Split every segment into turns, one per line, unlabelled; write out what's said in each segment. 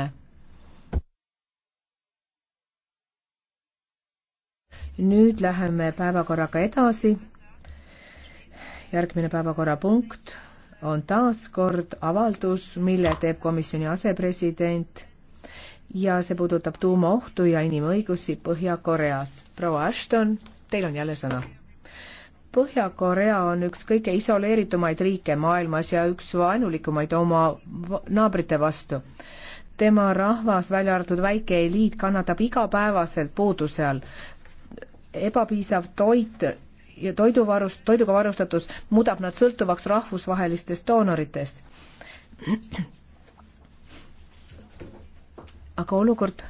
homme. nüüd läheme päevakorraga edasi. järgmine päevakorrapunkt on taas kord avaldus, mille teeb komisjoni asepresident ja see puudutab tuumaohtu ja inimõigusi Põhja-Koreas. proua Ashton, teil on jälle sõna. Põhja-Korea on üks kõige isoleeritumaid riike maailmas ja üks vaenulikumaid oma naabrite vastu tema rahvas, välja arvatud väike eliit, kannatab igapäevaselt puuduse all. ebapiisav toit ja toiduvarust, toiduga varustatus muudab nad sõltuvaks rahvusvahelistest doonoritest. aga olukord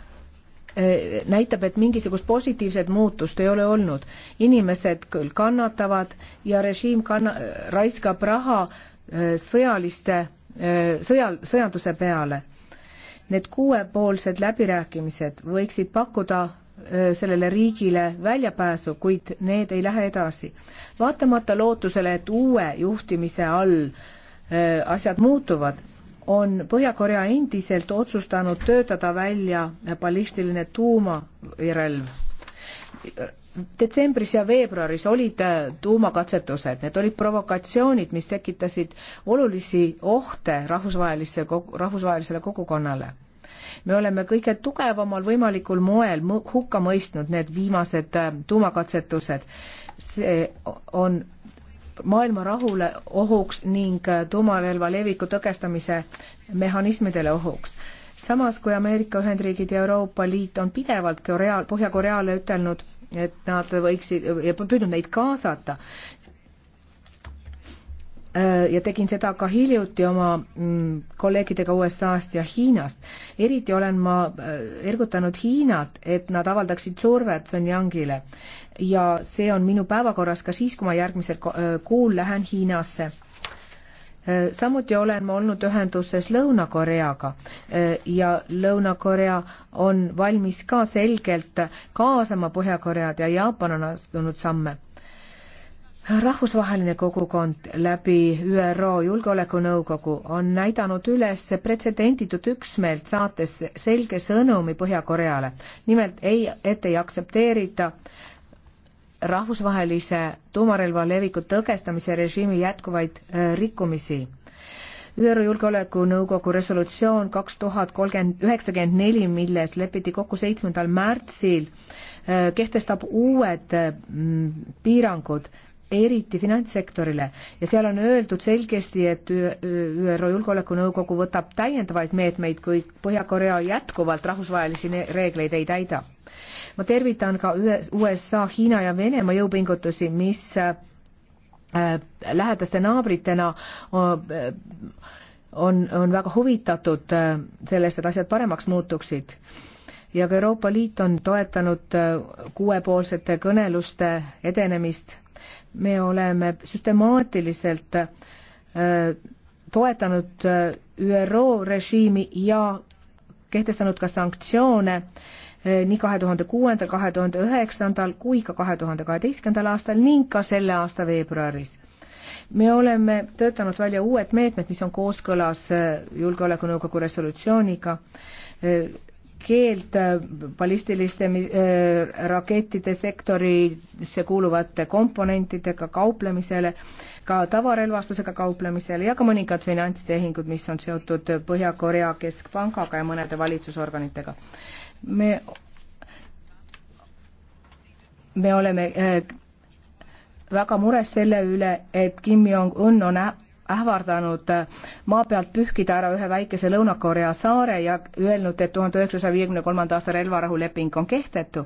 eh, näitab, et mingisugust positiivset muutust ei ole olnud. inimesed küll kannatavad ja režiim kanna-, raiskab raha eh, sõjaliste, eh, sõjal, sõjanduse peale Need kuuepoolsed läbirääkimised võiksid pakkuda sellele riigile väljapääsu, kuid need ei lähe edasi. vaatamata lootusele, et uue juhtimise all asjad muutuvad, on Põhja-Korea endiselt otsustanud töötada välja ballistiline tuumarelv detsembris ja veebruaris olid äh, tuumakatsetused, need olid provokatsioonid, mis tekitasid olulisi ohte rahvusvahelisse, rahvusvahelisele kogukonnale. me oleme kõige tugevamal võimalikul moel hukka mõistnud need viimased äh, tuumakatsetused. see on maailma rahule ohuks ning äh, tuumarelva leviku tõkestamise mehhanismidele ohuks samas kui Ameerika Ühendriigid ja Euroopa Liit on pidevalt Korea, Põhja-Koreale ütelnud, et nad võiksid ja püüdnud neid kaasata. Äh, ja tegin seda ka hiljuti oma mm, kolleegidega USA-st ja Hiinast. eriti olen ma äh, ergutanud Hiinat, et nad avaldaksid survet Pyongyangile ja see on minu päevakorras ka siis, kui ma järgmisel äh, kuul lähen Hiinasse samuti olen ma olnud ühenduses Lõuna-Koreaga ja Lõuna-Korea on valmis ka selgelt kaasama Põhja-Koread ja Jaapan on astunud samme. rahvusvaheline kogukond läbi ÜRO Julgeolekunõukogu on näidanud üles pretsedenditut üksmeelt, saates selge sõnumi Põhja-Koreale. nimelt ei, et ei aktsepteerita äh, rahvusvahelise tuumarelva leviku tõkestamise režiimi jätkuvaid äh, rikkumisi. ÜRO Julgeolekunõukogu resolutsioon kaks tuhat kolmkümmend, üheksakümmend neli, milles lepiti kokku seitsmendal märtsil, äh, kehtestab uued äh, piirangud eriti finantssektorile ja seal on öeldud selgesti, et ÜRO Julgeolekunõukogu võtab täiendavaid meetmeid, kui Põhja-Korea jätkuvalt rahvusvahelisi reegleid ei täida. ma tervitan ka USA, Hiina ja Venemaa jõupingutusi, mis äh, äh, lähedaste naabritena äh, on, on väga huvitatud sellest, et asjad paremaks muutuksid ja ka Euroopa Liit on toetanud kuuepoolsete kõneluste edenemist me oleme süstemaatiliselt äh, toetanud äh, ÜRO režiimi ja kehtestanud ka sanktsioone äh, nii kahe tuhande kuuendal, kahe tuhande üheksandal kui ka kahe tuhande kaheteistkümnendal aastal ning ka selle aasta veebruaris. me oleme töötanud välja uued meetmed, mis on kooskõlas Julgeolekunõukogu resolutsiooniga keeld äh, ballistiliste äh, rakettide sektorisse kuuluvate komponentidega kauplemisele, ka tavarelvastusega kauplemisele ja ka mõningad finantstehingud, mis on seotud Põhja-Korea Keskpangaga ja mõnede valitsusorganitega. me, me oleme äh, väga mures selle üle, et Kim Jong-un on ähvardanud maa pealt pühkida ära ühe väikese Lõuna-Korea saare ja öelnud, et tuhande üheksasaja viiekümne kolmanda aasta relvarahuleping on kehtetu.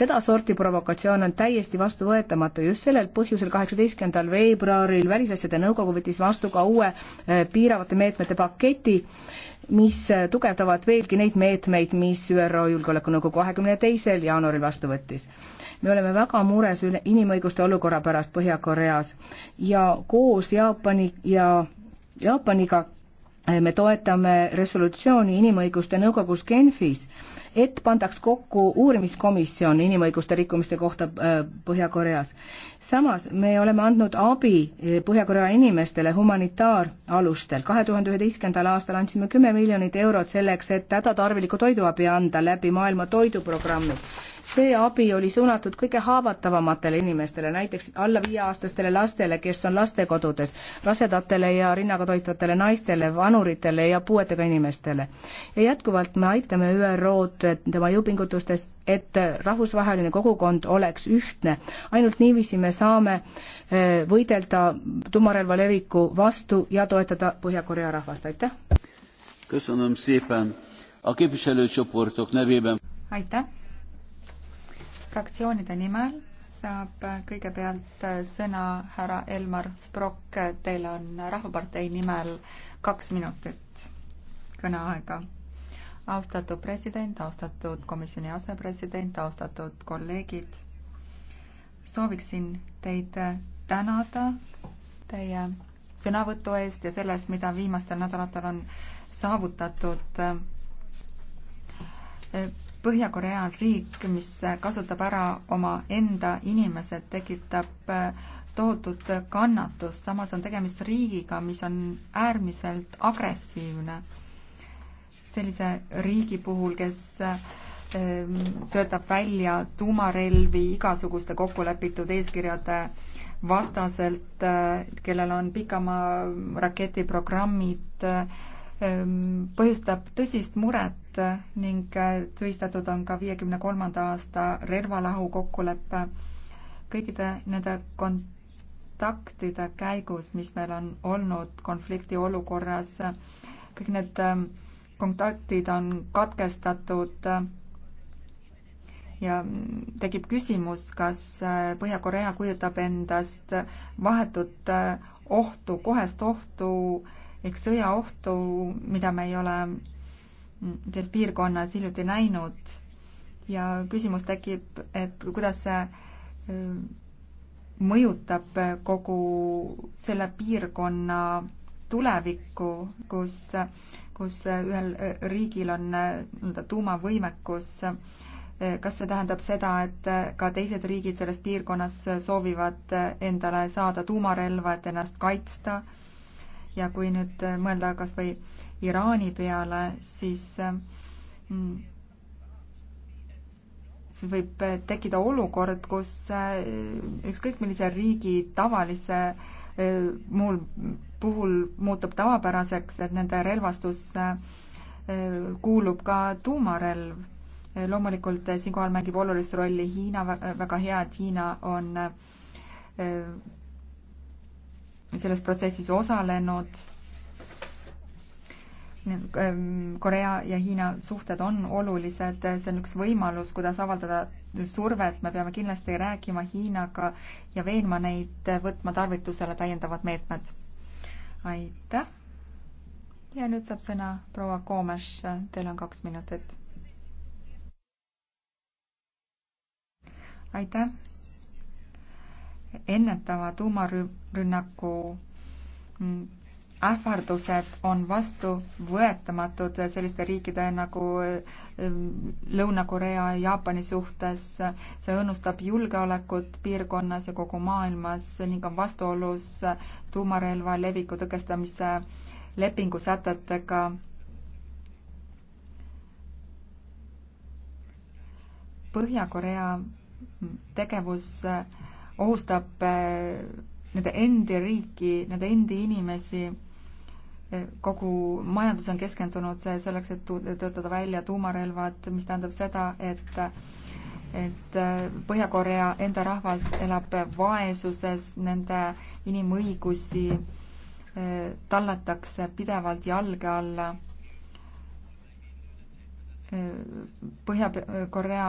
sedasorti provokatsioon on täiesti vastuvõetamatu, just sellel põhjusel kaheksateistkümnendal veebruaril Välisasjade Nõukogu võttis vastu ka uue eh, piiravate meetmete paketi, mis tugevdavad veelgi neid meetmeid, mis ÜRO Julgeolekunõukogu kahekümne teisel jaanuaril vastu võttis. me oleme väga mures üle inimõiguste olukorra pärast Põhja-Koreas ja koos Jaapani ja Jaapaniga me toetame resolutsiooni Inimõiguste Nõukogus Genfis, et pandaks kokku uurimiskomisjon inimõiguste rikkumiste kohta äh, Põhja-Koreas. samas me oleme andnud abi äh, Põhja-Korea inimestele humanitaaralustel. kahe tuhande üheteistkümnendal aastal andsime kümme miljonit eurot selleks, et hädatarvilikku toiduabi anda läbi Maailma Toiduprogrammi see abi oli suunatud kõige haavatavamatele inimestele, näiteks alla viieaastastele lastele, kes on lastekodudes, rasedatele ja rinnaga toitvatele naistele, vanuritele ja puuetega inimestele. ja jätkuvalt me aitame ÜRO-d tema jõupingutustes et rahvusvaheline kogukond oleks ühtne. ainult niiviisi me saame eh, võidelda tuumarelva leviku vastu ja toetada Põhja-Korea rahvast, aitäh! aitäh! fraktsioonide nimel
saab kõigepealt sõna härra Elmar Brokk, teil on Rahvapartei nimel kaks minutit kõneaega. austatud president, austatud komisjoni asepresident, austatud kolleegid, sooviksin teid tänada teie sõnavõtu eest ja selle eest, mida viimastel nädalatel on saavutatud Põhja-Korea on riik, mis kasutab ära omaenda inimesed, tekitab äh, tohutut kannatust, samas on tegemist riigiga, mis on äärmiselt agressiivne. sellise riigi puhul, kes ähm, töötab välja tuumarelvi igasuguste kokkulepitud eeskirjade vastaselt, äh, kellel on pikamaa raketiprogrammid, äh, Ehm, põhjustab tõsist muret ning äh, tühistatud on ka viiekümne kolmanda aasta relvalahu kokkulepe. kõikide nende kontaktide käigus, mis meil on olnud konflikti olukorras, kõik need ähm, kontaktid on katkestatud ja mm, tekib küsimus, kas äh, Põhja-Korea kujutab endast vahetut äh, ohtu, kohest ohtu äh, eks sõjaohtu, mida me ei ole selles piirkonnas hiljuti näinud ja küsimus tekib, et kuidas see äh, mõjutab kogu selle piirkonna tulevikku, kus, kus ühel riigil on äh, nii-öelda tuumavõimekus. Äh, kas see tähendab seda, et ka teised riigid selles piirkonnas soovivad endale saada tuumarelva, et ennast kaitsta? ja kui nüüd äh, mõelda kas või Iraani peale, siis äh, mm, siis võib äh, tekkida olukord, kus ükskõik millise riigi tavalise muul puhul muutub tavapäraseks, et nende relvastus kuulub ka tuumarelv. loomulikult siinkohal mängib olulist rolli Hiina, väga hea, et Hiina on selles protsessis osalenud. Ähm, Korea ja Hiina suhted on olulised, see on üks võimalus, kuidas avaldada survet, me peame kindlasti rääkima Hiinaga ja veenma neid võtma tarvitusele täiendavad meetmed. aitäh. ja nüüd saab sõna proua Koomes, teil on kaks minutit. aitäh ennetava tuumarünnaku mm, ähvardused on vastuvõetamatud selliste riikide nagu mm, Lõuna-Korea ja Jaapani suhtes. see õõnustab julgeolekut piirkonnas ja kogu maailmas ning on vastuolus tuumarelva leviku tõkestamise lepingu sätetega Põhja-Korea tegevus ohustab äh, nende endi riiki, nende endi inimesi, äh, kogu majandus on keskendunud selleks, et töötada välja tuumarelvad, mis tähendab seda, et et äh, Põhja-Korea enda rahvas elab vaesuses, nende inimõigusi tallatakse pidevalt jalge alla. Põhja-Korea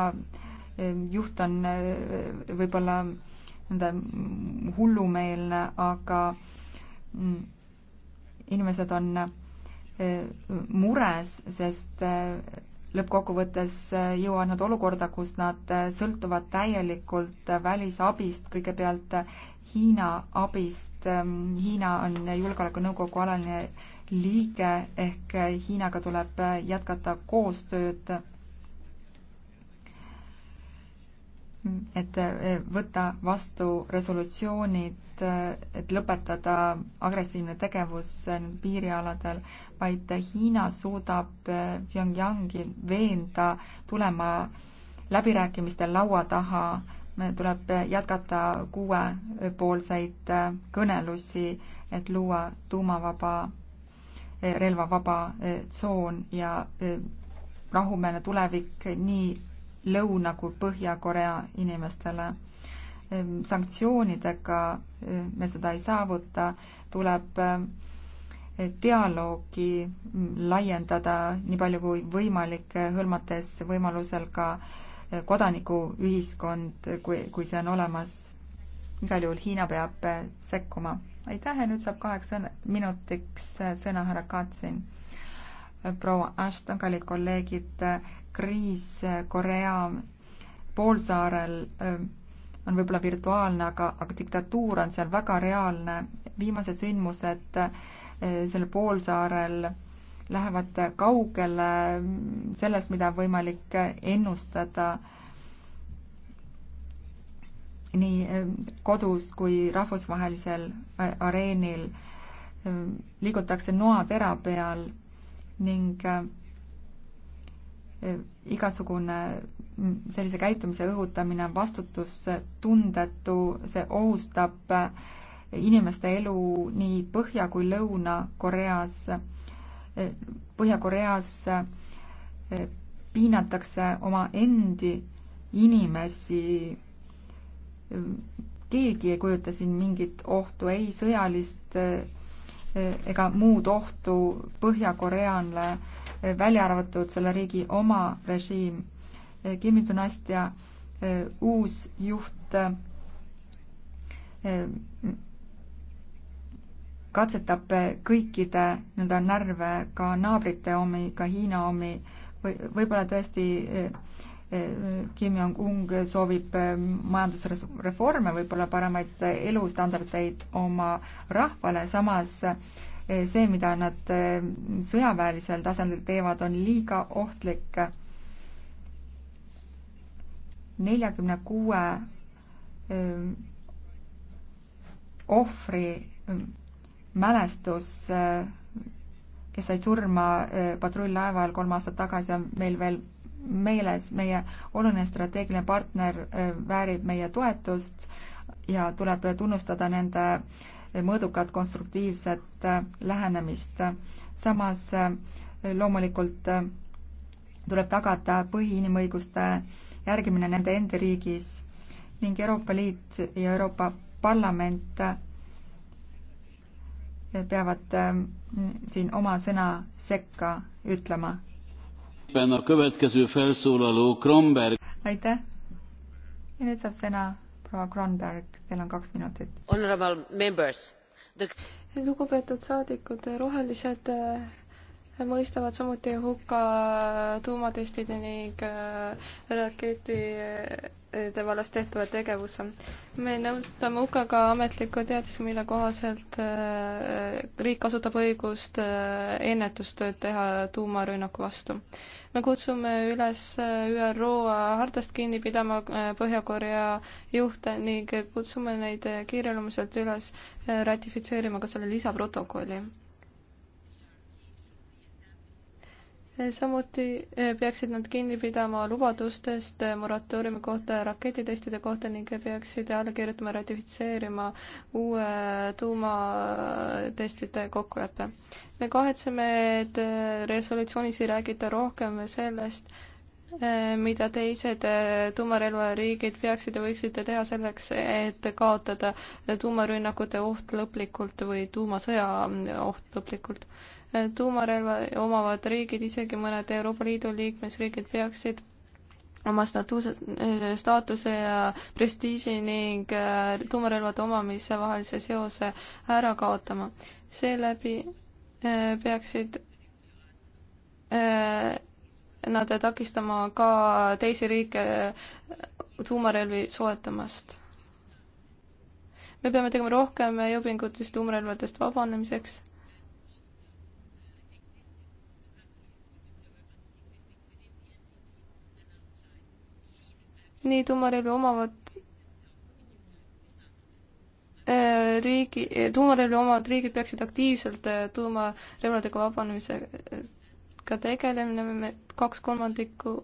juht on võib-olla nõnda hullumeelne, aga mm, inimesed on eh, mures, sest eh, lõppkokkuvõttes eh, jõuavad nad olukorda, kus nad sõltuvad täielikult välisabist, kõigepealt Hiina abist. Hiina on Julgeolekunõukogu alaline liige ehk Hiinaga tuleb jätkata koostööd et e, võtta vastu resolutsioonid, e, et lõpetada agressiivne tegevus e, piirialadel, vaid Hiina suudab Pyongyangi veenda tulema läbirääkimistel laua taha, tuleb jätkata kuuepoolseid kõnelusi, et luua tuumavaba, relvavaba tsoon ja rahumeelne tulevik nii Lõuna- kui Põhja-Korea inimestele. Ehm, sanktsioonidega ehm, me seda ei saavuta, tuleb ehm, dialoogi mm, laiendada nii palju kui võimalik, hõlmates võimalusel ka kodanikuühiskond, kui, kui see on olemas. igal juhul Hiina peab sekkuma. aitäh ja nüüd saab kaheks minutiks sõna härra Katsin. proua Ashton, kallid kolleegid, kriis äh, Korea poolsaarel äh, on võib-olla virtuaalne, aga, aga diktatuur on seal väga reaalne. viimased sündmused äh, sellel poolsaarel lähevad kaugele sellest, mida on võimalik ennustada nii kodus kui rahvusvahelisel areenil. liigutakse noatera peal ning igasugune sellise käitumise õhutamine on vastutustundetu, see ohustab inimeste elu nii Põhja- kui Lõuna-Koreas. Põhja-Koreas eh, piinatakse omaendi inimesi. keegi ei kujuta siin mingit ohtu, ei sõjalist eh, ega muud ohtu Põhja-Koreale välja arvatud selle riigi oma režiim. Kimi dünastia eh, uus juht eh, katsetab kõikide nii-öelda närve, ka naabrite omi, ka Hiina omi või võib-olla tõesti eh, Kim Jong-un soovib majandusreforme, võib-olla paremaid elustandardeid oma rahvale, samas see, mida nad eh, sõjaväelisel tasandil teevad, on liiga ohtlik. neljakümne kuue eh, ohvri eh, mälestus, kes said surma patrull-laeval kolm aastat tagasi, on meil veel meeles, meie oluline strateegiline partner väärib meie toetust ja tuleb tunnustada nende äh, mõõdukat konstruktiivset äh, lähenemist. samas äh, loomulikult äh, tuleb tagada põhiinimõiguste järgimine nende endi riigis ning Euroopa Liit ja Euroopa Parlament peavad ähm, siin oma sõna sekka ütlema. aitäh ja nüüd saab sõna proua
Kronberg, teil on kaks minutit. The... lugupeetud saadikud, rohelised eh, mõistavad samuti hukka eh, tuumatestide ning eh, rakettide vallas tehtava tegevuse. me nõustame hukka ka ametlikku teadise, mille kohaselt riik kasutab õigust ennetustööd teha tuumarünnaku vastu me kutsume üles eh, ÜRO hardast kinni pidama eh, Põhja-Korea juhte ning kutsume neid eh, kiireloomuliselt üles ratifitseerima ka selle lisaprotokolli Eh, samuti eh, peaksid nad kinni pidama lubadustest eh, moratooriumi kohta ja raketitestide kohta ning peaksid alla kirjutama ja ratifitseerima uue tuumatestide kokkuleppe. me kahetseme, et resolutsioonis ei räägita rohkem sellest, mida teised tuumarelvariigid peaksid ja võiksid teha selleks, et kaotada tuumarünnakute oht lõplikult või tuumasõja mm, oht lõplikult tuumarelva omavad riigid, isegi mõned Euroopa Liidu liikmesriigid peaksid oma statuuse, staatuse ja prestiiži ning äh, tuumarelvade omamise vahelise seose ära kaotama. seeläbi äh, peaksid äh, nad takistama ka teisi riike tuumarelvi soetamast. me peame tegema rohkem jõupingutusi tuumarelvadest vabanemiseks nii tuumarelvi omavad äh, riigi, tuumarelvi omavad riigid peaksid aktiivselt äh, tuumarelvadega vabanemisega tegelemine, me kaks kolmandikku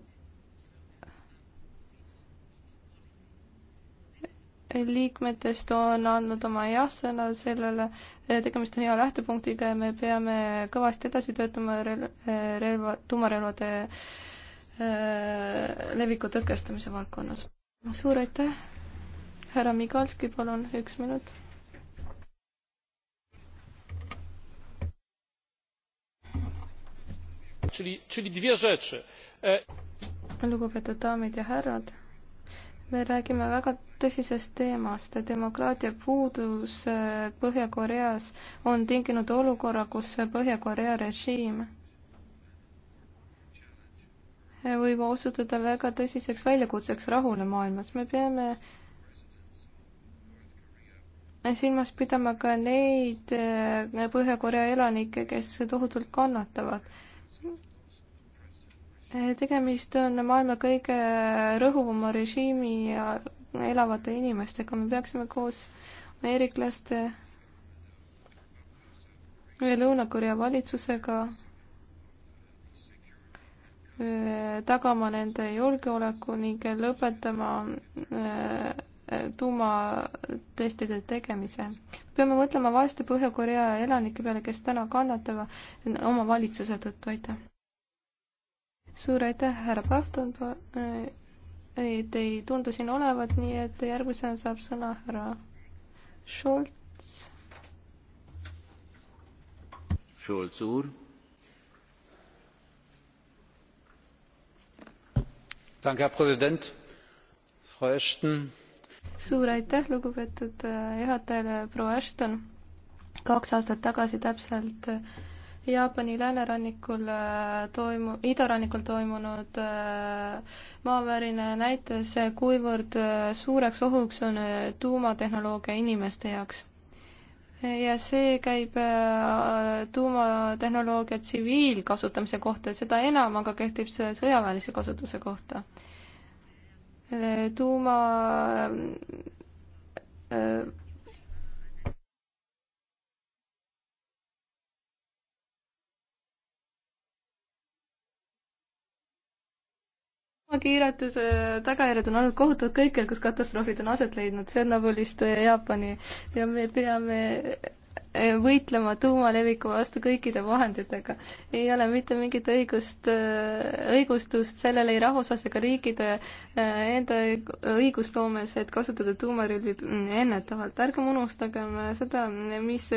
liikmetest on andnud oma jah-sõna sellele, äh, tegemist on hea lähtepunktiga ja me peame kõvasti edasi töötama relva, relva, tuumarelvade leviku tõkestamise valdkonnas. suur aitäh, härra Migalski, palun üks minut. E- lugupeetud daamid ja härrad, me räägime väga tõsisest teemast. demokraatia puudus eh, Põhja-Koreas on tinginud olukorra, kus Põhja-Korea režiim võib osutuda väga tõsiseks väljakutseks rahule maailmas. me peame silmas pidama ka neid äh, Põhja-Korea elanikke, kes tohutult kannatavad. Äh, tegemist on maailma kõige rõhuvama režiimi ja elavate inimestega, me peaksime koos ameeriklaste ja Lõuna-Korea valitsusega Äh, tagama nende julgeoleku ning lõpetama äh, tuumatestide tegemise. peame mõtlema vaeste Põhja-Korea elanike peale, kes täna kannatavad oma valitsuse tõttu, aitäh. suur aitäh, härra Pahton, äh, te ei tundu siin olevat, nii et järgmisena saab sõna härra Scholz.
Scholz, suur
herr präsident frau ashton!
suur aitäh lugupeetud äh, juhatajale proua ashton! kaks aastat tagasi täpselt äh, Jaapani läänerannikul äh, toimu-, idarannikul toimunud maavärin näitas, kuivõrd suureks ohuks on tuumatehnoloogia inimeste jaoks ja see käib äh, tuumatehnoloogia tsiviilkasutamise kohta, seda enam aga kehtib see sõjaväelise kasutuse kohta. Äh, tuuma äh, kliimakiiretuse tagajärjed on olnud kohutavad kõikjal, kus katastroofid on aset leidnud, Tšernobõlist Jaapani ja me peame eh, võitlema tuumaleviku vastu kõikide vahenditega. ei ole mitte mingit õigust, eh, õigustust sellele ei rahvusvahelisega riikide eh, enda õigusloomes, et kasutada tuumarelvi mm, ennetavalt. ärgem unustagem seda, mis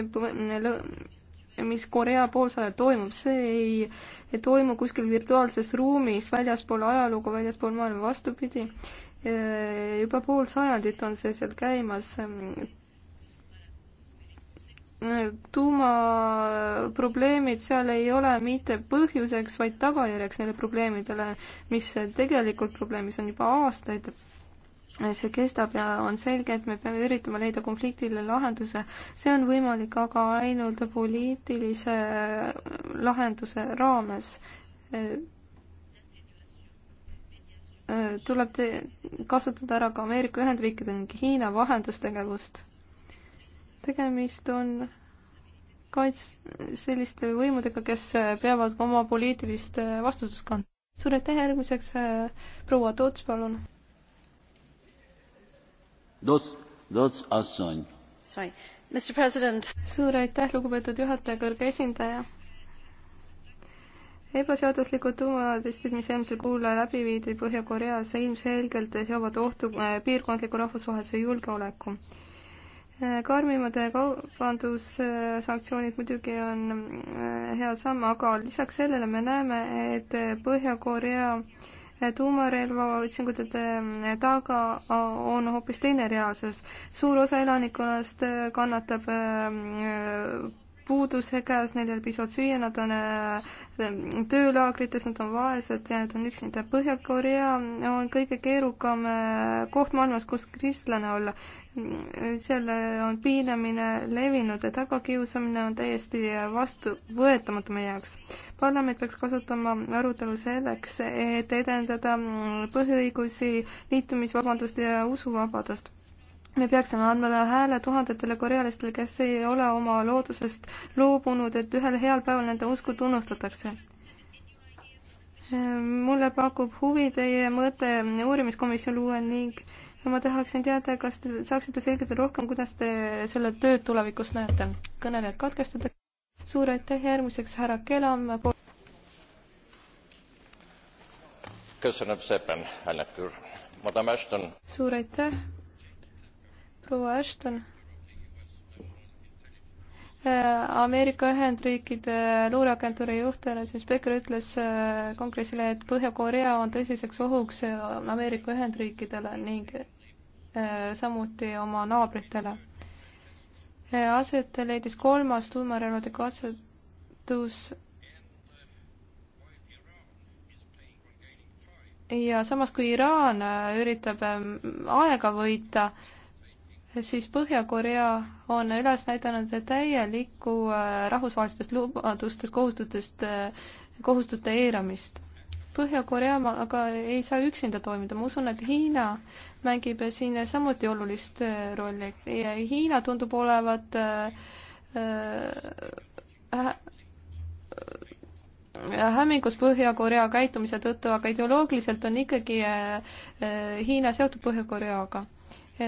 mis Korea poolsaarel toimub, see ei, ei toimu kuskil virtuaalses ruumis väljaspool ajalugu, väljaspool maailma, vastupidi. juba pool sajandit on see seal käimas. tuumaprobleemid seal ei ole mitte põhjuseks, vaid tagajärjeks neile probleemidele, mis tegelikult probleemis on juba aastaid see kestab ja on selge, et me peame üritama leida konfliktile lahenduse. see on võimalik aga ainult poliitilise äh, lahenduse raames. Äh, äh, tuleb kasutada ära ka Ameerika Ühendriikide ning Hiina vahendustegevust. tegemist on kaits-, selliste võimudega, kes peavad oma poliitilist vastutust kandma. suur aitäh järgmiseks, proua Toots, palun! suur aitäh, lugupeetud juhataja, kõrge esindaja. ebaseaduslikud tuumatestid, mis eelmisel kuul läbi viidi Põhja-Koreas, ilmselgelt seovad ohtu äh, piirkondliku rahvusvahelise julgeoleku äh, karmimad kaubandussanktsioonid muidugi on äh, hea samm, aga lisaks sellele me näeme, et Põhja-Korea tuumarelva otsingute taga on hoopis teine reaalsus. suur osa elanikkonnast kannatab äh, puuduse käes, neil ei ole piisavalt süüa, nad on äh, töölaagrites, nad on vaesed ja nad on üksinda. Põhja-Korea on kõige keerukam äh, koht maailmas, kus kristlane olla. seal on piinamine levinud ja tagakiusamine on täiesti vastuvõetamatu meie jaoks parlament peaks kasutama arutelu selleks, et edendada mm, põhiõigusi, liitumisvabadust ja usuvabadust. me peaksime andma hääle tuhandetele korealistele, kes ei ole oma loodusest loobunud, et ühel heal päeval nende usku tunnustatakse. mulle pakub huvi teie mõte uurimiskomisjon luua ning ma tahaksin teada, kas te saaksite selgitada rohkem, kuidas te selle tööd tulevikus näete? kõnelejad katkestatakse suur aitäh, järgmiseks härra Kelam. suur aitäh, proua Ashton. Äh, Ameerika Ühendriikide luureagentuuri juht, siis Becker ütles äh, kongressile, et Põhja-Korea on tõsiseks ohuks äh, Ameerika Ühendriikidele ning samuti oma naabritele aset leidis kolmas tuumarelvade katsetus. ja samas, kui Iraan äh, üritab ähm, aega võita, siis Põhja-Korea on üles näidanud täielikku äh, rahvusvahelistest lubadustest, kohustutest, äh, kohustuste eiramist Põhja-Korea aga ei saa üksinda toimida, ma usun, et Hiina mängib siin samuti olulist äh, rolli ja Hiina tundub olevat äh, äh, äh, hämmingus Põhja-Korea käitumise tõttu, aga ideoloogiliselt on ikkagi äh, Hiina seotud Põhja-Koreaga.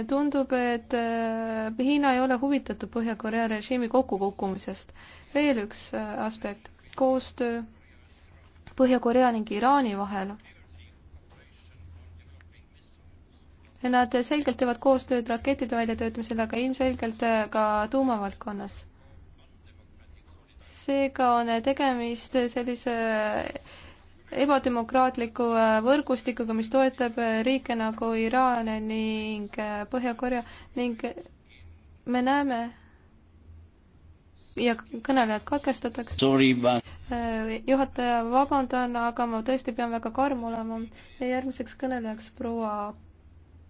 tundub, et äh, Hiina ei ole huvitatud Põhja-Korea režiimi kokkukukkumisest. veel üks aspekt, koostöö Põhja-Korea ning Iraani vahel. Nad selgelt teevad koostööd rakettide väljatöötamisel, aga ilmselgelt äh, ka tuumavaldkonnas. seega on äh, tegemist äh, sellise ebademokraatliku võrgustikuga, mis toetab riike nagu Iraan ning Põhja-Korea ning me näeme, ja kõnelejad katkestatakse. Äh, juhataja, vabandan, aga ma tõesti pean väga karm olema. järgmiseks kõnelejaks proua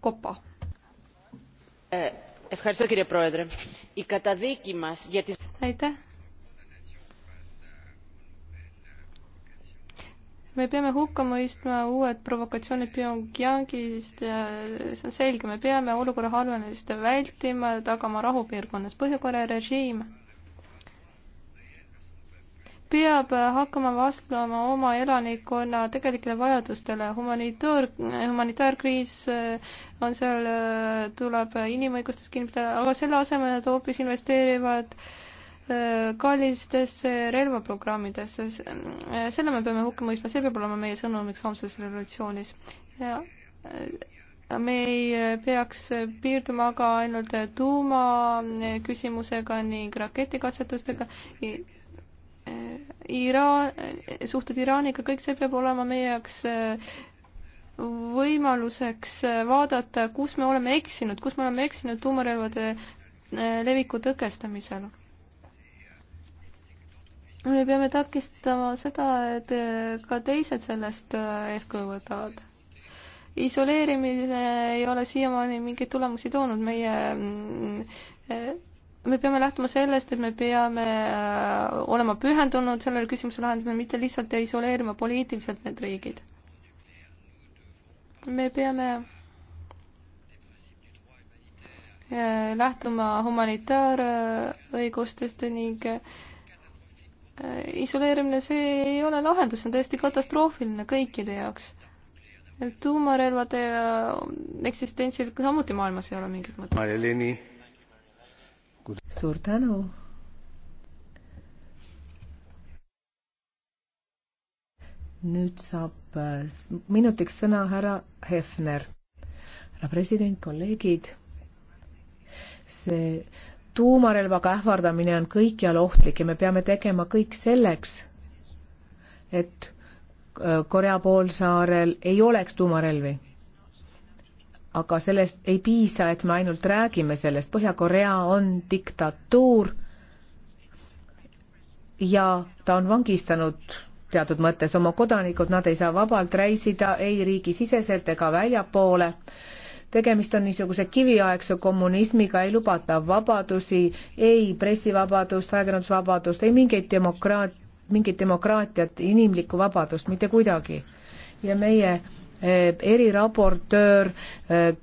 Kopa. Äh, aitäh. me peame hukka mõistma uued provokatsioonid Pyongyangist ja see on selge, me peame olukorra halvenemist vältima, tagama rahu piirkonnas. Põhja-Korea režiim peab hakkama vastama oma elanikkonna tegelikele vajadustele. humanitaar, humanitaarkriis eh, on seal, eh, tuleb inimõigustest kinni pidada, aga selle asemel nad hoopis investeerivad eh, kallistesse relvaprogrammidesse. selle me peame hukka mõistma, see peab olema meie sõnumiks homses revolutsioonis. ja me ei peaks piirduma aga ainult tuumaküsimusega ning raketikatsetustega Iraan, suhted Iraaniga, kõik see peab olema meie jaoks äh, võimaluseks äh, vaadata, kus me oleme eksinud, kus me oleme eksinud tuumarelvade äh, leviku tõkestamisel. me peame takistama seda, et ka teised sellest eeskuju võtavad. isoleerimine ei ole siiamaani mingeid tulemusi toonud, meie mm, me peame lähtuma sellest, et me peame äh, olema pühendunud sellele küsimuse lahendamisele, mitte lihtsalt isoleerima poliitiliselt need riigid. me peame äh, lähtuma humanitaarõigustest ning äh, isoleerimine, see ei ole lahendus, see on täiesti katastroofiline kõikide jaoks. tuumarelvade eksistentsil samuti maailmas ei ole mingit
mõtet suur tänu. nüüd saab äh, minutiks sõna härra Hefner. härra president, kolleegid, see tuumarelvaga ähvardamine on kõikjal ohtlik ja me peame tegema kõik selleks, et äh, Korea poolsaarel ei oleks tuumarelvi aga sellest ei piisa, et me ainult räägime sellest, Põhja-Korea on diktatuur ja ta on vangistanud teatud mõttes oma kodanikud, nad ei saa vabalt reisida ei riigisiseselt ega väljapoole. tegemist on niisuguse kiviaegse kommunismiga, ei lubata vabadusi, ei pressivabadust, ajakirjandusvabadust, ei mingeid demokraat-, mingit demokraatiat, inimlikku vabadust mitte kuidagi. ja meie Äh, eriraportöör äh,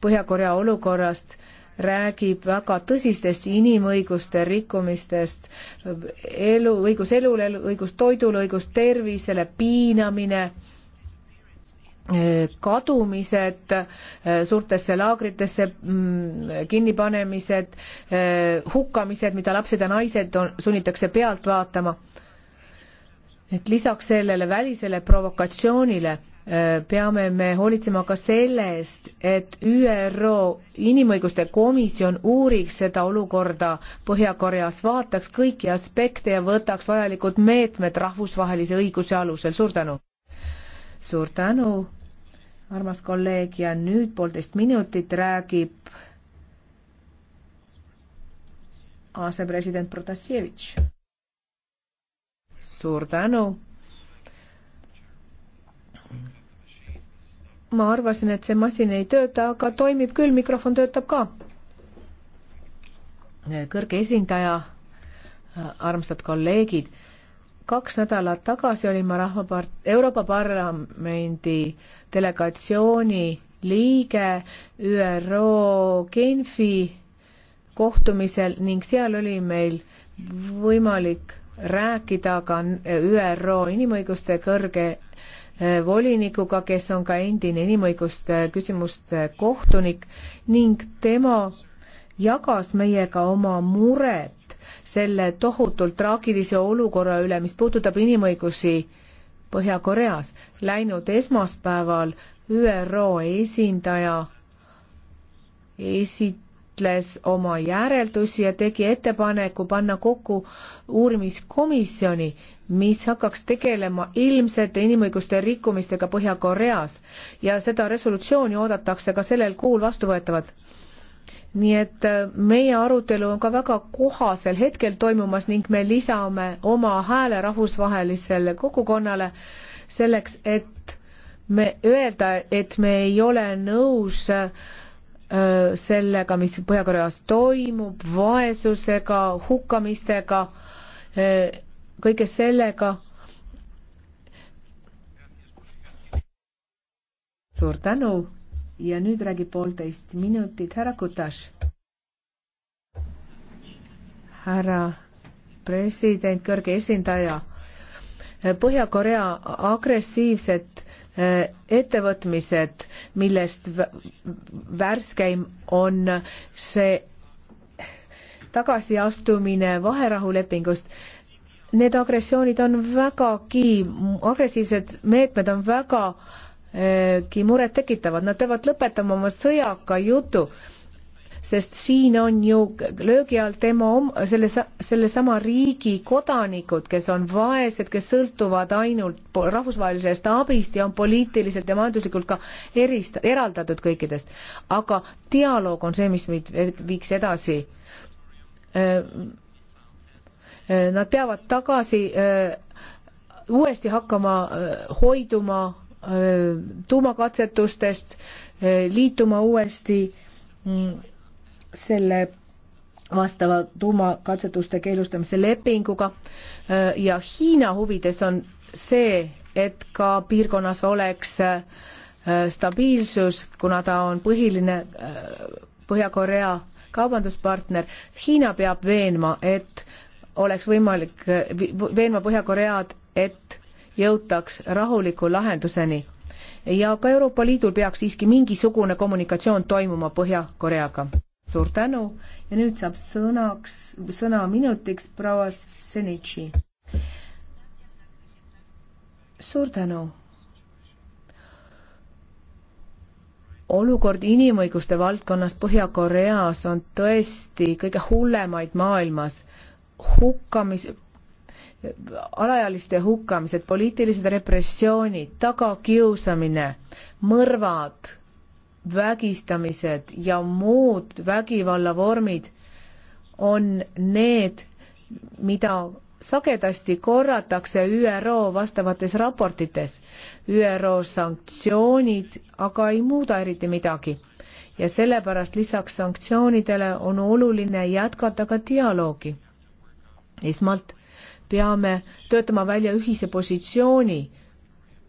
Põhja-Korea olukorrast räägib väga tõsistest inimõiguste rikkumistest, elu, õigus elule, õigus toidule, õigus tervisele, piinamine, äh, kadumised suurtesse laagritesse, mm, kinnipanemised, hukkamised, mida lapsed ja naised on, sunnitakse pealt vaatama. et lisaks sellele välisele provokatsioonile Äh, peame me hoolitsema ka selle eest, et ÜRO Inimõiguste Komisjon uuriks seda olukorda Põhja-Koreas, vaataks kõiki aspekte ja võtaks vajalikud meetmed rahvusvahelise õiguse alusel. suur tänu! suur tänu, armas kolleeg, ja nüüd poolteist minutit räägib asepresident Protasevitš. suur tänu! ma arvasin, et see masin ei tööta, aga toimib küll, mikrofon töötab ka. kõrge esindaja, armsad kolleegid, kaks nädalat tagasi olin ma Rahvapart-, Euroopa Parlamendi delegatsiooni liige ÜRO Genfi kohtumisel ning seal oli meil võimalik rääkida ka ÜRO inimõiguste kõrge Eh, volinikuga, kes on ka endine inimõiguste küsimuste kohtunik ning tema jagas meiega oma muret selle tohutult traagilise olukorra üle, mis puudutab inimõigusi Põhja-Koreas. Läinud esmaspäeval ÜRO esindaja esi-, ütles oma järeldusi ja tegi ettepaneku panna kokku uurimiskomisjoni, mis hakkaks tegelema ilmsete inimõiguste rikkumistega Põhja-Koreas ja seda resolutsiooni oodatakse ka sellel kuul vastuvõetavat nii et äh, meie arutelu on ka väga kohasel hetkel toimumas ning me lisame oma hääle rahvusvahelisele kogukonnale selleks, et me öelda, et me ei ole nõus äh, sellega, mis Põhja-Koreas toimub, vaesusega, hukkamistega, kõige sellega. suur tänu ja nüüd räägib poolteist minutit härra Kutaš. härra president, kõrge esindaja, Põhja-Korea agressiivset Äh, ettevõtmised, millest värskeim on see tagasiastumine vaherahulepingust. Need agressioonid on vägagi, agressiivsed meetmed on vägagi äh, murettekitavad, nad peavad lõpetama oma sõjaka jutu sest siin on ju löögi all tema om-, selle, sellesama riigi kodanikud, kes on vaesed, kes sõltuvad ainult rahvusvahelisest abist ja on poliitiliselt ja majanduslikult ka erist-, eraldatud kõikidest. aga dialoog on see, mis meid viiks edasi. Äh, äh, nad peavad tagasi äh, uuesti hakkama hoiduma tuumakatsetustest, liituma uuesti mm, selle vastava tuumakatsetuste keelustamise lepinguga äh, ja Hiina huvides on see, et ka piirkonnas oleks äh, stabiilsus, kuna ta on põhiline äh, Põhja-Korea kaubanduspartner. Hiina peab veenma, et oleks võimalik, veenma Põhja-Koread, et jõutaks rahuliku lahenduseni. ja ka Euroopa Liidul peaks siiski mingisugune kommunikatsioon toimuma Põhja-Koreaga suur tänu ja nüüd saab sõnaks, sõna minutiks proua Senitši. suur tänu. olukord inimõiguste valdkonnas Põhja-Koreas on tõesti kõige hullemaid maailmas. hukkamis, alaealiste hukkamised, poliitilised repressioonid, tagakiusamine, mõrvad vägistamised ja muud vägivallavormid on need, mida sagedasti korratakse ÜRO vastavates raportites. ÜRO sanktsioonid aga ei muuda eriti midagi ja sellepärast lisaks sanktsioonidele on oluline jätkata ka dialoogi. esmalt peame töötama välja ühise positsiooni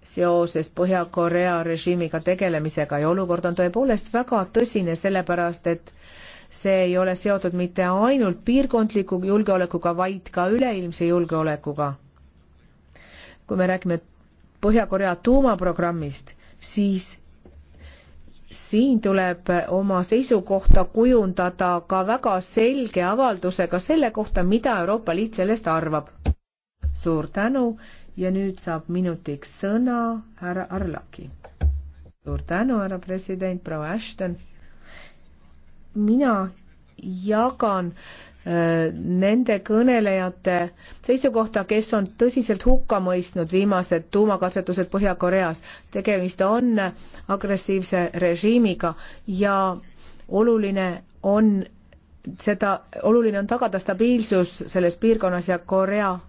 seoses Põhja-Korea režiimiga tegelemisega ja olukord on tõepoolest väga tõsine, sellepärast et see ei ole seotud mitte ainult piirkondliku julgeolekuga, vaid ka üleilmse julgeolekuga. kui me räägime Põhja-Korea tuumaprogrammist, siis siin tuleb oma seisukohta kujundada ka väga selge avaldusega selle kohta, mida Euroopa Liit sellest arvab. suur tänu ja nüüd saab minutiks sõna härra Arlaki. suur tänu, härra president, proua Ashton. mina jagan äh, nende kõnelejate seisukohta, kes on tõsiselt hukka mõistnud viimased tuumakatsetused Põhja-Koreas. tegemist on agressiivse režiimiga ja oluline on seda, oluline on tagada stabiilsus selles piirkonnas ja Korea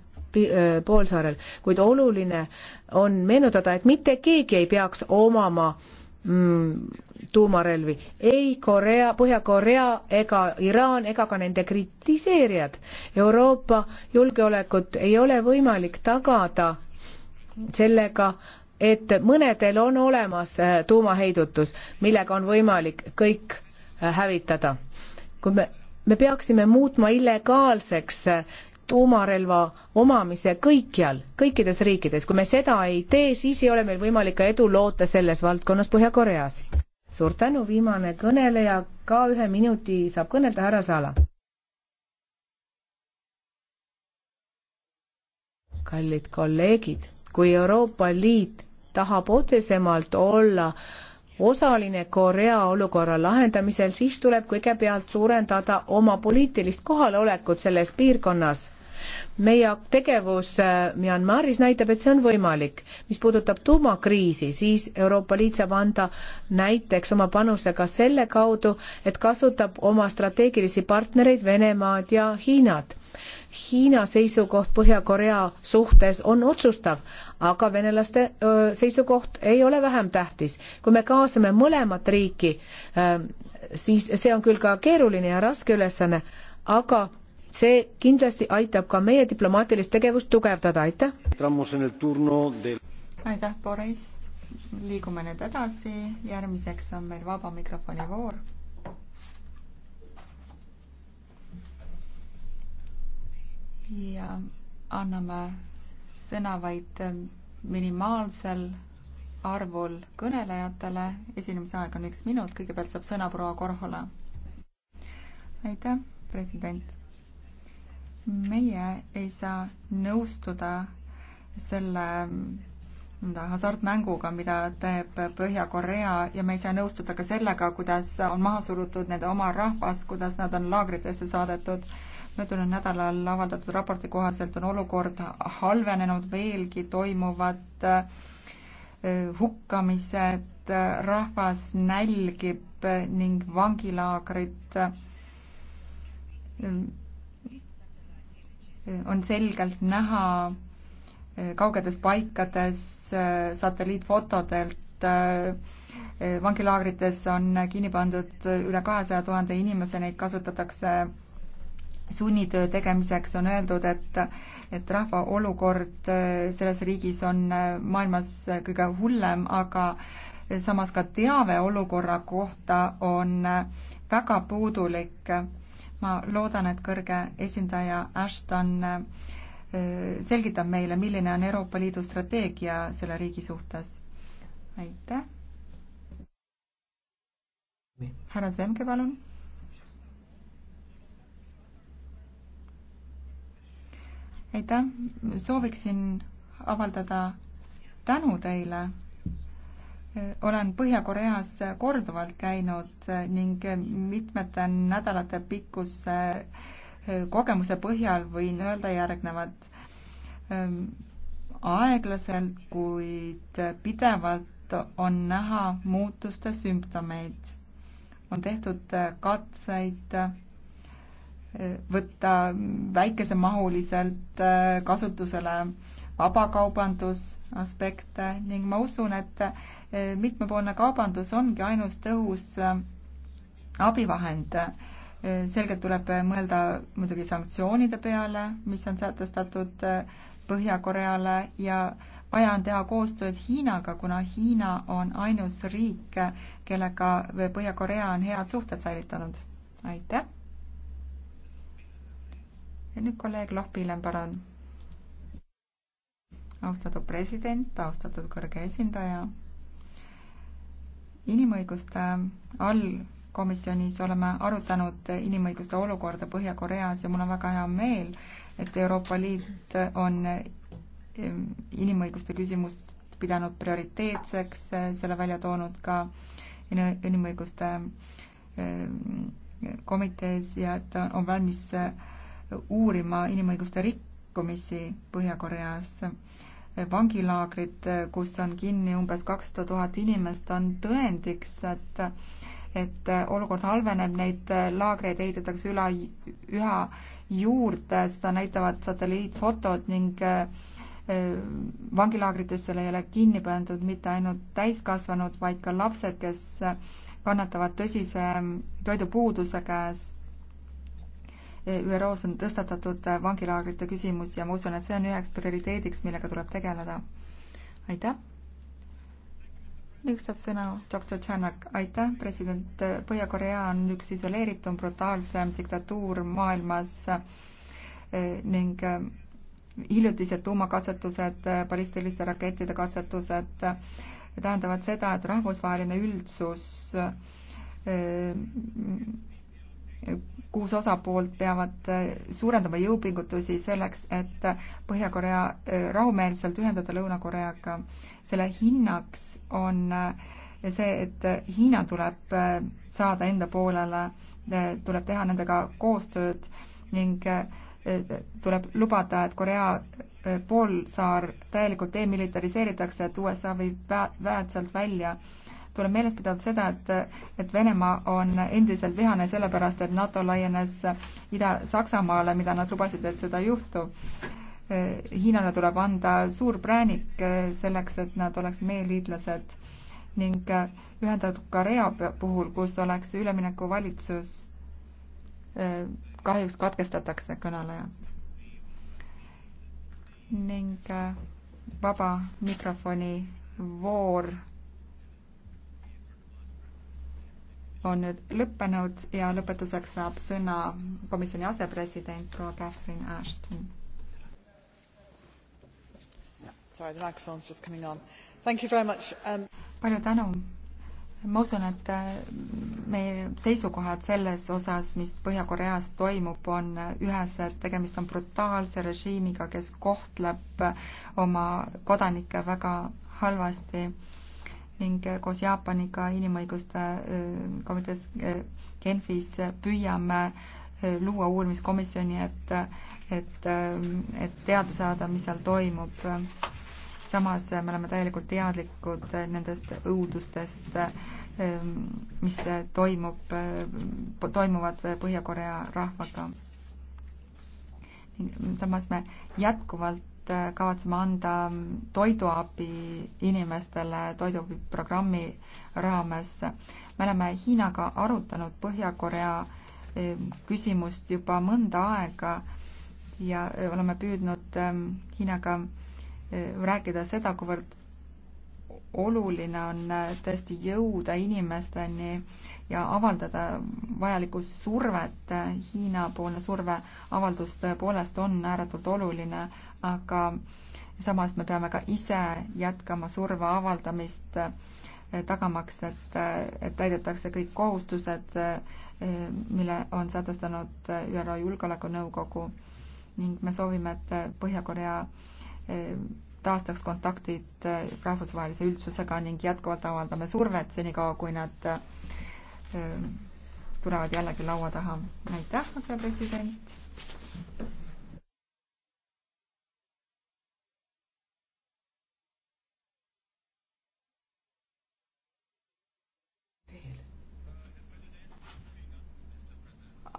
poolsaarel, kuid oluline on meenutada, et mitte keegi ei peaks omama mm, tuumarelvi. ei Korea, Põhja-Korea ega Iraan ega ka nende kritiseerijad. Euroopa julgeolekut ei ole võimalik tagada sellega, et mõnedel on olemas tuumaheidutus, millega on võimalik kõik hävitada. kui me, me peaksime muutma illegaalseks tuumarelva omamise kõikjal, kõikides riikides. kui me seda ei tee, siis ei ole meil võimalik ka edu loota selles valdkonnas Põhja-Koreas. suur tänu, viimane kõneleja, ka ühe minuti saab kõnelda härra Sala. kallid kolleegid, kui Euroopa Liit tahab otsesemalt olla osaline Korea olukorra lahendamisel, siis tuleb kõigepealt suurendada oma poliitilist kohalolekut selles piirkonnas meie tegevus äh, Myanmaris näitab, et see on võimalik. mis puudutab tuumakriisi, siis Euroopa Liit saab anda näiteks oma panuse ka selle kaudu, et kasutab oma strateegilisi partnereid Venemaad ja Hiinat. Hiina seisukoht Põhja-Korea suhtes on otsustav, aga venelaste öö, seisukoht ei ole vähem tähtis. kui me kaasame mõlemat riiki, siis see on küll ka keeruline ja raske ülesanne, aga see kindlasti aitab ka meie diplomaatilist tegevust tugevdada, aitäh!
aitäh, Boris! liigume nüüd edasi, järgmiseks on meil vaba mikrofoni voor. ja anname sõna vaid minimaalsel arvul kõnelejatele, esinemise aeg on üks minut, kõigepealt saab sõna proua Korhola. aitäh, president meie ei saa nõustuda selle nii-öelda hasartmänguga, mida teeb Põhja-Korea ja me ei saa nõustuda ka sellega, kuidas on maha surutud nende oma rahvas, kuidas nad on laagritesse saadetud. möödunud nädalal avaldatud raporti kohaselt on olukord halvenenud veelgi, toimuvad eh, hukkamised, rahvas nälgib ning vangilaagrid eh, on selgelt näha äh, kaugetes paikades äh, satelliitfotodelt. Äh, vangilaagrites on kinni pandud üle kahesaja tuhande inimese, neid kasutatakse sunnitöö tegemiseks, on öeldud, et, et rahva olukord selles riigis on maailmas kõige hullem, aga samas ka teave olukorra kohta on väga puudulik ma loodan, et kõrge esindaja Ashton äh, selgitab meile, milline on Euroopa Liidu strateegia selle riigi suhtes. aitäh. härra Semke, palun. aitäh, sooviksin avaldada tänu teile olen Põhja-Koreas korduvalt käinud eh, ning eh, mitmete nädalate pikkuse eh, kogemuse põhjal võin öelda järgnevat. Ehm, aeglaselt, kuid pidevalt on näha muutuste sümptomeid. on tehtud katseid võtta väikesemahuliselt kasutusele vabakaubandus aspekte ning ma usun, et mitmepoolne kaubandus ongi ainus tõhus äh, abivahend. Äh, selgelt tuleb mõelda muidugi sanktsioonide peale, mis on sätestatud äh, Põhja-Koreale ja vaja on teha koostööd Hiinaga, kuna Hiina on ainus riik, kellega Põhja-Korea on head suhted säilitanud. aitäh! ja nüüd kolleeg Lohpilem, palun. austatud president, austatud kõrge esindaja inimõiguste allkomisjonis oleme arutanud inimõiguste olukorda Põhja-Koreas ja mul on väga hea meel, et Euroopa Liit on inimõiguste küsimust pidanud prioriteetseks, selle välja toonud ka inimõiguste komitees ja et on valmis uurima inimõiguste rikkumisi Põhja-Koreas vangilaagrid, kus on kinni umbes kakssada tuhat inimest, on tõendiks, et et olukord halveneb, neid laagreid ehitatakse üle, üha juurde, seda näitavad satelliitfotod ning eh, vangilaagritesse ei ole kinni pandud mitte ainult täiskasvanud, vaid ka lapsed, kes kannatavad tõsise toidupuuduse käes ÜRO-s on tõstatatud vangilaagrite küsimus ja ma usun, et see on üheks prioriteediks, millega tuleb tegeleda. aitäh! nüüd saab sõna doktor Tšanak, aitäh, president, Põhja-Korea on üks isoleeritum, brutaalsem diktatuur maailmas eh, ning eh, hiljutised tuumakatsetused, eh, ballistiliste rakettide katsetused tähendavad seda, et rahvusvaheline üldsus kuus osapoolt peavad eh, suurendama jõupingutusi selleks, et eh, Põhja-Korea eh, rahumeelselt ühendada Lõuna-Koreaga. selle hinnaks on see, et Hiina tuleb saada enda poolele, tuleb teha nendega koostööd ning tuleb lubada, et Korea poolsaar täielikult demilitariseeritakse, et USA viib väed sealt välja tuleb meeles pidada seda, et, et Venemaa on endiselt vihane sellepärast, et NATO laienes Ida-Saksamaale, mida nad lubasid, et seda juhtub. E, Hiinale tuleb anda suur präänik e, selleks, et nad oleksid meie liitlased ning e, Ühendatud Korea puhul, kus oleks üleminekuvalitsus, kahjuks katkestatakse kõnelejad. ning vaba mikrofoni voor on nüüd lõppenud ja lõpetuseks saab sõna komisjoni asepresident proua Catherine Ashton.
Sorry, the microphone's just coming on. Thank you very much um....
palju tänu. ma usun, et äh, meie seisukohad selles osas, mis Põhja-Koreas toimub, on ühesed, tegemist on brutaalse režiimiga, kes kohtleb oma kodanikke väga halvasti ning koos Jaapaniga inimõiguste äh, komitees äh, Genfis püüame äh, luua uurimiskomisjoni, et, et, et teada saada, mis seal toimub. samas me oleme täielikult teadlikud nendest õudustest, mis toimub, toimuvad Põhja-Korea rahvaga. samas me jätkuvalt et äh, kavatseme anda toiduabi inimestele toiduabiprogrammi raames. me oleme Hiinaga arutanud Põhja-Korea ähm, küsimust juba mõnda aega ja äh, oleme püüdnud ähm, Hiinaga äh, rääkida seda, kuivõrd oluline on tõesti jõuda inimesteni ja avaldada vajalikku survet, Hiina-poolne surveavaldus tõepoolest on ääretult oluline, aga samas me peame ka ise jätkama surve avaldamist, eh, tagamaks, et, eh, et täidetakse kõik kohustused, eh, mille on sätestanud ÜRO Julgeolekunõukogu ning me soovime, et Põhja-Korea taastaks kontaktid rahvusvahelise üldsusega ning jätkuvalt avaldame survet senikaua, kui nad tulevad jällegi laua taha. aitäh, asepresident!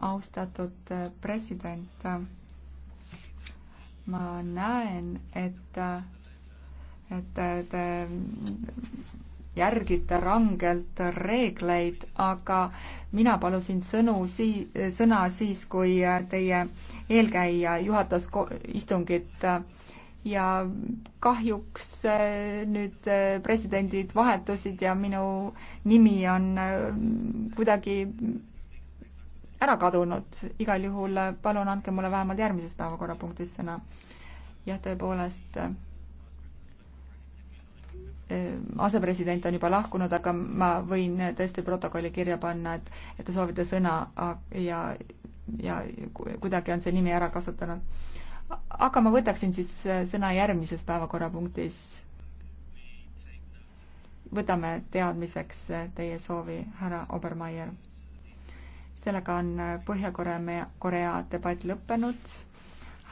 austatud äh, president. ma näen, et, äh, et te järgite rangelt reegleid, aga mina palusin sõnu sii-, sõna siis, kui teie eelkäija juhatas istungit ja kahjuks äh, nüüd presidendid vahetusid ja minu nimi on kuidagi ära kadunud. igal juhul äh, palun andke mulle vähemalt järgmises päevakorrapunktis sõna. jah, tõepoolest äh, asepresident on juba lahkunud, aga ma võin tõesti protokolli kirja panna, et, et te soovite sõna ja, ja kuidagi on see nimi ära kasutanud. aga ma võtaksin siis äh, sõna järgmises päevakorrapunktis. võtame teadmiseks teie soovi, härra Obermeier sellega on Põhja-Korea, Korea debatt lõppenud.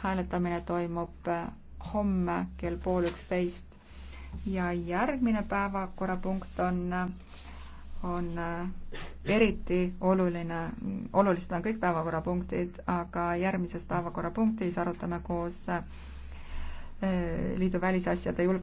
hääletamine toimub homme kell pool üksteist ja järgmine päevakorrapunkt on, on eriti oluline, olulised on kõik päevakorrapunktid, aga järgmises päevakorrapunktis arutame koos eh, liidu välisasjade julg-.